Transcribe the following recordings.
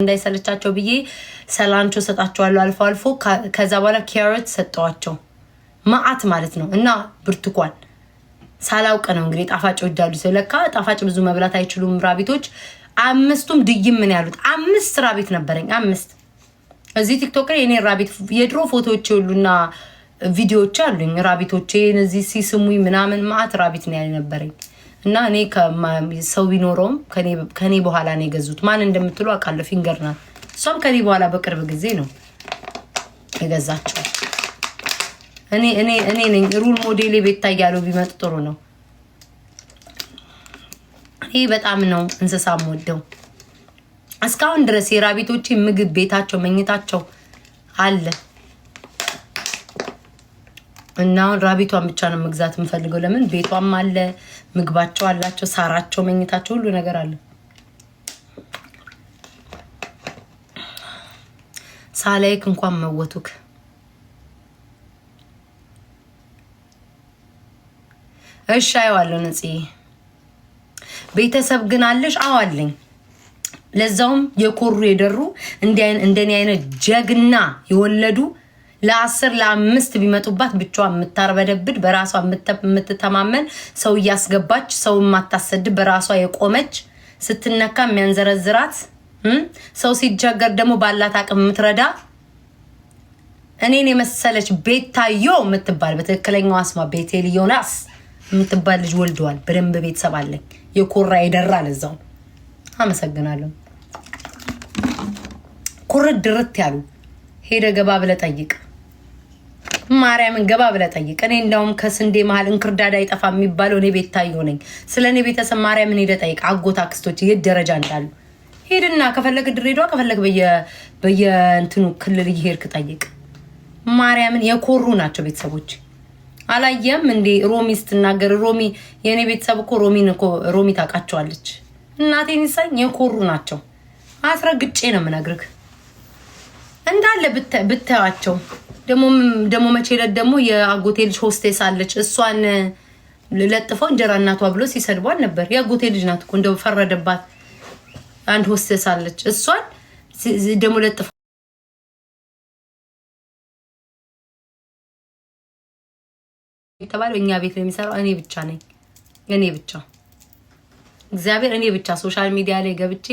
እንዳይሰለቻቸው ብዬ ሰላንቾ ሰጣቸዋለሁ አልፎ አልፎ። ከዛ በኋላ ኪያሮት ሰጠዋቸው ማአት ማለት ነው። እና ብርቱኳን ሳላውቅ ነው እንግዲህ ጣፋጭ ወዳሉ ሰው ጣፋጭ ብዙ መብላት አይችሉም ራቢቶች። አምስቱም ድይም ምን ያሉት አምስት ራቢት ነበረኝ። አምስት እዚህ ቲክቶክ ላይ የኔ ራቢት የድሮ ፎቶዎች የሉና ቪዲዮዎች አሉኝ። ራቢቶቼ እነዚህ ሲስሙኝ ምናምን ማአት ራቢት ነው ያለ ነበረኝ። እና እኔ ሰው ቢኖረውም ከኔ በኋላ ነው የገዙት። ማን እንደምትሉ አውቃለሁ። ፊንገር ናት። እሷም ከኔ በኋላ በቅርብ ጊዜ ነው የገዛቸው። እኔ እኔ ነኝ ሩል ሞዴሌ። ቤታ እያለው ቢመጡ ጥሩ ነው። ይህ በጣም ነው እንስሳ ወደው እስካሁን ድረስ የራቢቶቼ ምግብ ቤታቸው መኝታቸው አለ። እና አሁን ራቢቷን ብቻ ነው መግዛት የምፈልገው። ለምን ቤቷም አለ፣ ምግባቸው አላቸው፣ ሳራቸው፣ መኝታቸው፣ ሁሉ ነገር አለ። ሳላይክ እንኳን መወቱክ እሺ አይዋለሁ ነፂ ቤተሰብ ግን አለሽ? አዎ አለኝ። ለዛውም የኮሩ የደሩ እንደኔ አይነት ጀግና የወለዱ ለአስር ለአምስት ቢመጡባት ብቻዋን የምታርበደብድ በራሷ የምትተማመን ሰው እያስገባች ሰው የማታሰድብ በራሷ የቆመች ስትነካ የሚያንዘረዝራት ሰው ሲቸገር ደግሞ ባላት አቅም የምትረዳ እኔን የመሰለች ቤታዮ የምትባል በትክክለኛው አስማ ቤቴል ዮናስ የምትባል ልጅ ወልደዋል። በደንብ ቤተሰብ አለኝ የኮራ የደራ ለዛው አመሰግናለሁ። ኩርት ድርት ያሉ ሄደ ገባ ብለህ ጠይቅ። ማርያምን ገባ ብለህ ጠይቅ። እኔ እንደውም ከስንዴ መሀል እንክርዳዳ ይጠፋ የሚባለው እኔ ቤታዮ ነኝ። ስለ እኔ ቤተሰብ ማርያምን ሄደህ ጠይቅ። አጎት አክስቶች የት ደረጃ እንዳሉ ሄድና ከፈለግ ድሬዳዋ ከፈለግ በየእንትኑ ክልል እየሄድክ ጠይቅ። ማርያምን የኮሩ ናቸው ቤተሰቦች። አላየም እንዴ ሮሚ ስትናገር፣ ሮሚ የእኔ ቤተሰብ እኮ ሮሚን እኮ ሮሚ ታውቃቸዋለች። እናቴን ይሳኝ የኮሩ ናቸው። አስረግጬ ነው የምነግርህ እንዳለ ብታያቸው ደግሞ መቼ ዕለት ደግሞ የአጎቴ ልጅ ሆስቴስ አለች እሷን ለጥፈው እንጀራ እናቷ ብሎ ሲሰድቧል ነበር። የአጎቴ ልጅ ናት እኮ እንደው ፈረደባት። አንድ ሆስቴስ አለች እሷን ደግሞ ለጥፈው የተባለው እኛ ቤት ነው የሚሰራው። እኔ ብቻ ነኝ እኔ ብቻ እግዚአብሔር እኔ ብቻ ሶሻል ሚዲያ ላይ ገብቼ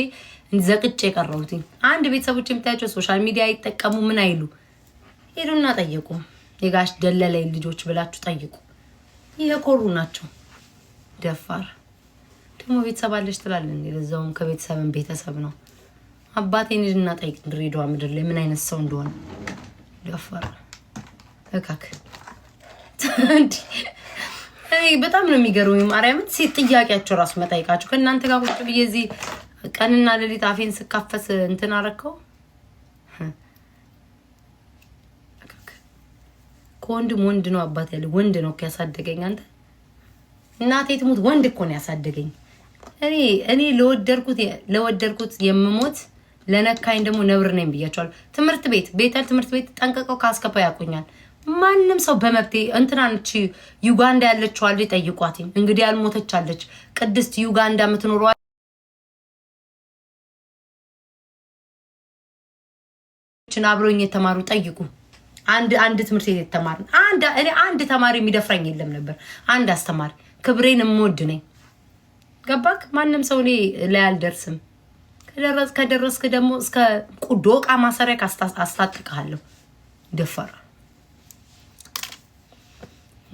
ዘቅጬ የቀረቡትኝ አንድ ቤተሰቦች የምታያቸው ሶሻል ሚዲያ አይጠቀሙ ምን አይሉ ሄዱና ጠይቁ። የጋሽ ደለለይ ልጆች ብላችሁ ጠይቁ። የኮሩ ናቸው። ደፋር ደግሞ ቤተሰብ አለች ትላለን። የገዛውን ከቤተሰብን ቤተሰብ ነው። አባቴን ሄድና ጠይቅ ድሬዳዋ ምድር ላይ ምን አይነት ሰው እንደሆነ። ደፋር እካክ በጣም ነው የሚገርሙኝ። ማርያምን ሴት ጥያቄያቸው ራሱ መጠይቃቸው ከእናንተ ጋር ቁጭ ብዬ እዚህ ቀንና ሌሊት አፌን ስካፈስ እንትን አረከው ከወንድም ወንድ ነው አባት ያለ ወንድ ነው ያሳደገኝ። አንተ እናቴ ትሙት ወንድ እኮ ነው ያሳደገኝ። እኔ እኔ ለወደድኩት ለወደድኩት የምሞት ለነካኝ ደግሞ ነብር ነኝ ብያቸዋለሁ። ትምህርት ቤት ቤተል ትምህርት ቤት ጠንቀቀው ካስከፋ ያቆኛል። ማንም ሰው በመብቴ እንትናንቺ ዩጋንዳ ያለችዋል ጠይቋት። እንግዲህ ያልሞተች አለች ቅድስት ዩጋንዳ የምትኖረዋ አብሮኝ የተማሩ ጠይቁ። አንድ አንድ ትምህርት ቤት የተማርን አንድ እኔ አንድ ተማሪ የሚደፍረኝ የለም ነበር። አንድ አስተማሪ ክብሬን የምወድ ነኝ። ገባክ? ማንም ሰው እኔ ላይ አልደርስም። ከደረስክ ደግሞ እስከ እቃ ማሰሪያ አስታጥቅሃለሁ። ደፈራ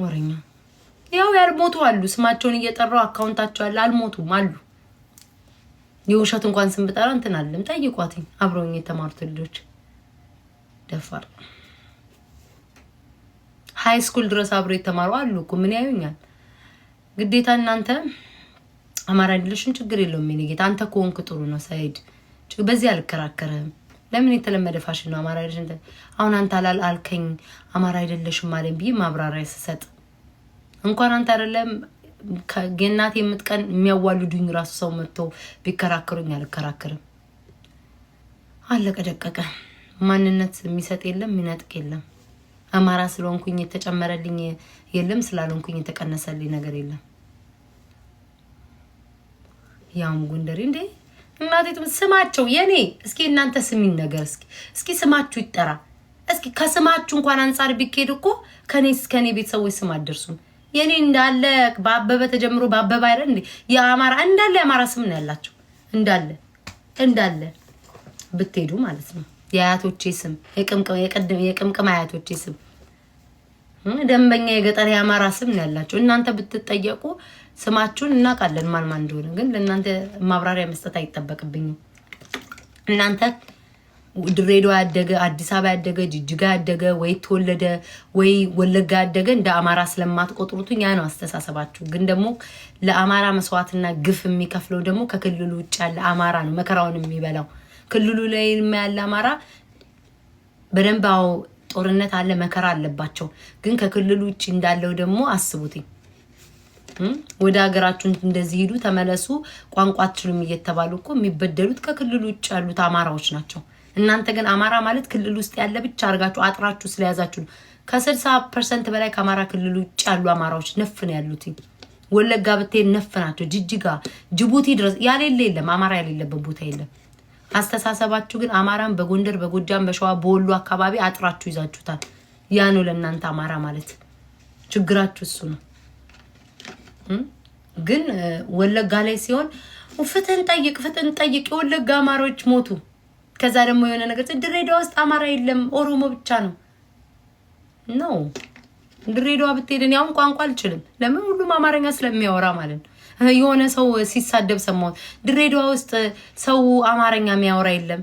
ወረኛ። ያው ያልሞቱ አሉ፣ ስማቸውን እየጠራው አካውንታቸው አለ። አልሞቱም አሉ። የውሸት እንኳን ስንብጠራ እንትን አለም። ጠይቋትኝ አብረውኝ የተማሩት ልጆች ደፋር ሀይ ስኩል ድረስ አብሮ የተማሩ አሉ እኮ ምን ያዩኛል? ግዴታ እናንተ አማራ አይደለሽም፣ ችግር የለውም የኔ ጌታ። አንተ ከሆንክ ጥሩ ነው ሰይድ፣ በዚህ አልከራከርህም። ለምን የተለመደ ፋሽን ነው አማራ አይደለሽም። አሁን አንተ አላል አልከኝ አማራ አይደለሽም አለኝ ብዬ ማብራሪያ ስሰጥ እንኳን አንተ አይደለም የእናቴ የምትቀን የሚያዋልዱኝ ራሱ ሰው መጥቶ ቢከራከሩኝ አልከራከርም። አለቀ ደቀቀ። ማንነት የሚሰጥ የለም የሚነጥቅ የለም። አማራ ስለሆንኩኝ የተጨመረልኝ የለም፣ ስላልሆንኩኝ የተቀነሰልኝ ነገር የለም። ያም ጎንደሬ እንዴ እናቴቱም ስማቸው የኔ እስኪ እናንተ ስሚኝ ነገር እስኪ እስኪ ስማችሁ ይጠራ እስኪ ከስማችሁ እንኳን አንጻር ቢኬድ እኮ ከኔ እስከ ከኔ ቤተሰቦች ስም አደርሱም። የኔ እንዳለ በአበበ ተጀምሮ በአበበ አይደል እንዴ የአማራ እንዳለ የአማራ ስም ነው ያላቸው እንዳለ እንዳለ ብትሄዱ ማለት ነው። የአያቶቼ ስም የቅምቅም አያቶቼ ስም ደንበኛ የገጠር የአማራ ስም ነው ያላቸው። እናንተ ብትጠየቁ ስማችሁን እናውቃለን ማን ማን እንደሆነ፣ ግን ለእናንተ ማብራሪያ መስጠት አይጠበቅብኝም። እናንተ ድሬዳዋ ያደገ፣ አዲስ አበባ ያደገ፣ ጅጅጋ ያደገ፣ ወይ ተወለደ ወይ ወለጋ ያደገ እንደ አማራ ስለማትቆጥሩትኝ ያ ነው አስተሳሰባችሁ። ግን ደግሞ ለአማራ መስዋዕትና ግፍ የሚከፍለው ደግሞ ከክልሉ ውጭ ያለ አማራ ነው መከራውን የሚበላው። ክልሉ ላይ የሚያለ አማራ በደንብ አዎ ጦርነት አለ፣ መከራ አለባቸው። ግን ከክልሉ ውጭ እንዳለው ደግሞ አስቡትኝ። ወደ ሀገራችሁ እንደዚህ ሂዱ፣ ተመለሱ፣ ቋንቋ አትችሉም እየተባሉ እኮ የሚበደሉት ከክልሉ ውጭ ያሉት አማራዎች ናቸው። እናንተ ግን አማራ ማለት ክልል ውስጥ ያለ ብቻ አድርጋችሁ አጥራችሁ ስለያዛችሁ ነው። ከስልሳ ፐርሰንት በላይ ከአማራ ክልል ውጭ ያሉ አማራዎች ነፍ ነው ያሉት። ወለጋ ብትሄድ ነፍ ናቸው። ጅጅጋ፣ ጅቡቲ ድረስ ያሌለ የለም። አማራ ያሌለበት ቦታ የለም። አስተሳሰባችሁ ግን አማራን በጎንደር በጎጃም በሸዋ በወሎ አካባቢ አጥራችሁ ይዛችሁታል። ያ ነው ለእናንተ አማራ ማለት ችግራችሁ እሱ ነው። ግን ወለጋ ላይ ሲሆን ፍትህን ጠይቅ ፍትህን ጠይቅ የወለጋ አማሮች ሞቱ። ከዛ ደግሞ የሆነ ነገር ድሬዳዋ ውስጥ አማራ የለም ኦሮሞ ብቻ ነው ነው ድሬዳዋ ብትሄድን ያውን ቋንቋ አልችልም። ለምን ሁሉም አማርኛ ስለሚያወራ ማለት ነው። የሆነ ሰው ሲሳደብ ሰማሁት። ድሬዳዋ ውስጥ ሰው አማርኛ የሚያወራ የለም።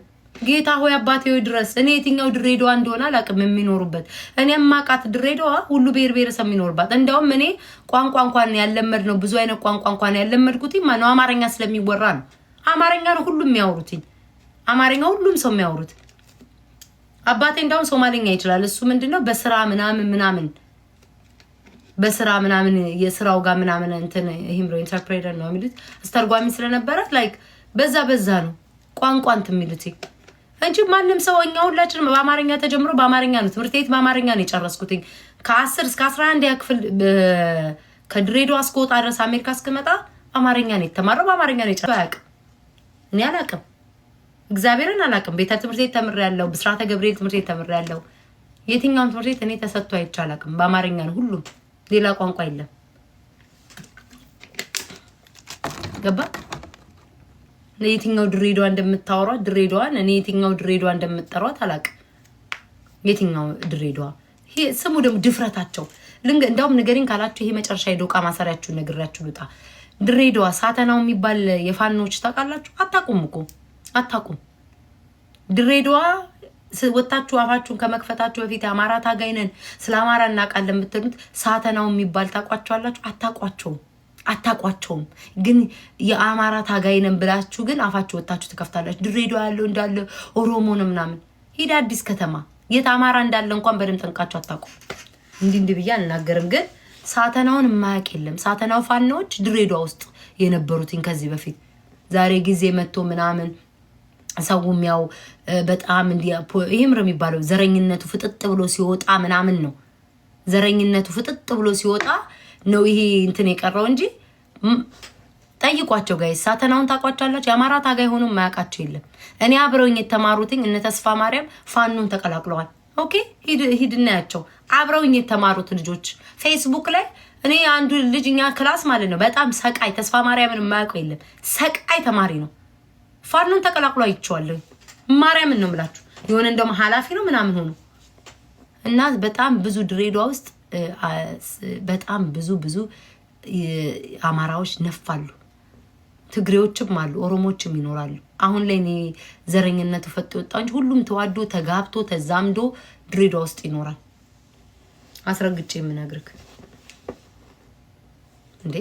ጌታ ሆይ አባቴ ሆይ ድረስ። እኔ የትኛው ድሬዳዋ እንደሆነ አላውቅም የሚኖሩበት። እኔ የማውቃት ድሬዳዋ ሁሉ ብሔር ብሔረሰብ የሚኖርባት። እንዲያውም እኔ ቋንቋ እንኳን ያለመድ ነው ብዙ አይነት ቋንቋ እንኳን ያለመድኩት ማነው አማርኛ ስለሚወራ ነው። አማርኛ ነው ሁሉም የሚያወሩትኝ። አማርኛ ሁሉም ሰው የሚያወሩት አባቴ እንዳውም ሶማሌኛ ይችላል። እሱ ምንድነው በስራ ምናምን ምናምን በስራ ምናምን የስራው ጋር ምናምን እንትን ሂምሮ ኢንተርፕሬተር ነው የሚሉት አስተርጓሚ ስለነበረ ላይክ በዛ በዛ ነው ቋንቋ እንትን የሚሉት እንጂ ማንም ሰው እኛ ሁላችንም በአማርኛ ተጀምሮ በአማርኛ ነው ትምህርት ቤት በአማርኛ ነው የጨረስኩትኝ ከአስር እስከ አስራ አንድ ያክፍል ክፍል ከድሬዳዋ እስከወጣ ድረስ አሜሪካ እስክመጣ አማርኛ ነው የተማረው በአማርኛ ነው የጨረስኩት። አያውቅም እኔ አላውቅም እግዚአብሔርን አላውቅም። ቤተ ትምህርት ቤት ተምሬያለሁ። ብስራተ ገብርኤል ትምህርት ቤት ተምሬያለሁ። የትኛውን ትምህርት ቤት እኔ ተሰጥቶ አይቼ አላውቅም። በአማርኛ ነው ሁሉም ሌላ ቋንቋ የለም። ገባ ለየትኛው ድሬዳዋ እንደምታወሯት ድሬዳዋን እኔ የትኛው ድሬዳዋ እንደምጠሯት አላውቅም። የትኛው ድሬዳዋ ስሙ ደግሞ ድፍረታቸው ልንገ እንዳውም ንገሪን ካላችሁ ይሄ መጨረሻ የዶቃ ማሰሪያችሁ ነግራችሁ ልውጣ። ድሬዳዋ ሳተናው የሚባል የፋኖች ታውቃላችሁ? አታቁም እኮ አታቁም። ድሬዳዋ ወጣችሁ አፋችሁን ከመክፈታችሁ በፊት የአማራ ታጋይ ነን ስለ አማራ እናውቃለን የምትሉት ሳተናው የሚባል ታውቋቸዋላችሁ? አታቋቸውም አታቋቸውም። ግን የአማራ ታጋይ ነን ብላችሁ ግን አፋችሁ ወታችሁ ትከፍታላችሁ። ድሬዳዋ ያለው እንዳለ ኦሮሞን ምናምን ሄደ አዲስ ከተማ የት አማራ እንዳለ እንኳን በደንብ ጠንቃችሁ አታውቁም። እንዲህ እንዲህ ብዬ አልናገርም፣ ግን ሳተናውን የማያውቅ የለም። ሳተናው ፋናዎች ድሬዳዋ ውስጥ የነበሩትኝ ከዚህ በፊት ዛሬ ጊዜ መጥቶ ምናምን ሰውም ያው በጣም እንዲ ይህምር የሚባለው ዘረኝነቱ ፍጥጥ ብሎ ሲወጣ ምናምን ነው። ዘረኝነቱ ፍጥጥ ብሎ ሲወጣ ነው ይሄ እንትን የቀረው እንጂ ጠይቋቸው ጋይ ሳተናውን ታቋቻላችሁ። የአማራ ታጋይ ሆኖ የማያውቃቸው የለም። እኔ አብረውኝ የተማሩትኝ እነ ተስፋ ማርያም ፋኖን ተቀላቅለዋል። ኦኬ ሂድና ያቸው አብረውኝ የተማሩት ልጆች ፌስቡክ ላይ እኔ አንዱ ልጅ እኛ ክላስ ማለት ነው በጣም ሰቃይ ተስፋ ማርያምን የማያውቀው የለም። ሰቃይ ተማሪ ነው ፋኖን ተቀላቅሎ አይቼዋለሁ። ማርያምን ነው ምላችሁ። የሆነ እንደውም ኃላፊ ነው ምናምን ሆኖ እና በጣም ብዙ ድሬዳዋ ውስጥ በጣም ብዙ ብዙ አማራዎች ነፋሉ፣ ትግሬዎችም አሉ፣ ኦሮሞዎችም ይኖራሉ። አሁን ላይ እኔ ዘረኝነቱ ፈጥ ወጣ እንጂ ሁሉም ተዋዶ ተጋብቶ ተዛምዶ ድሬዳዋ ውስጥ ይኖራል። አስረግጬ የምነግርህ እንዴ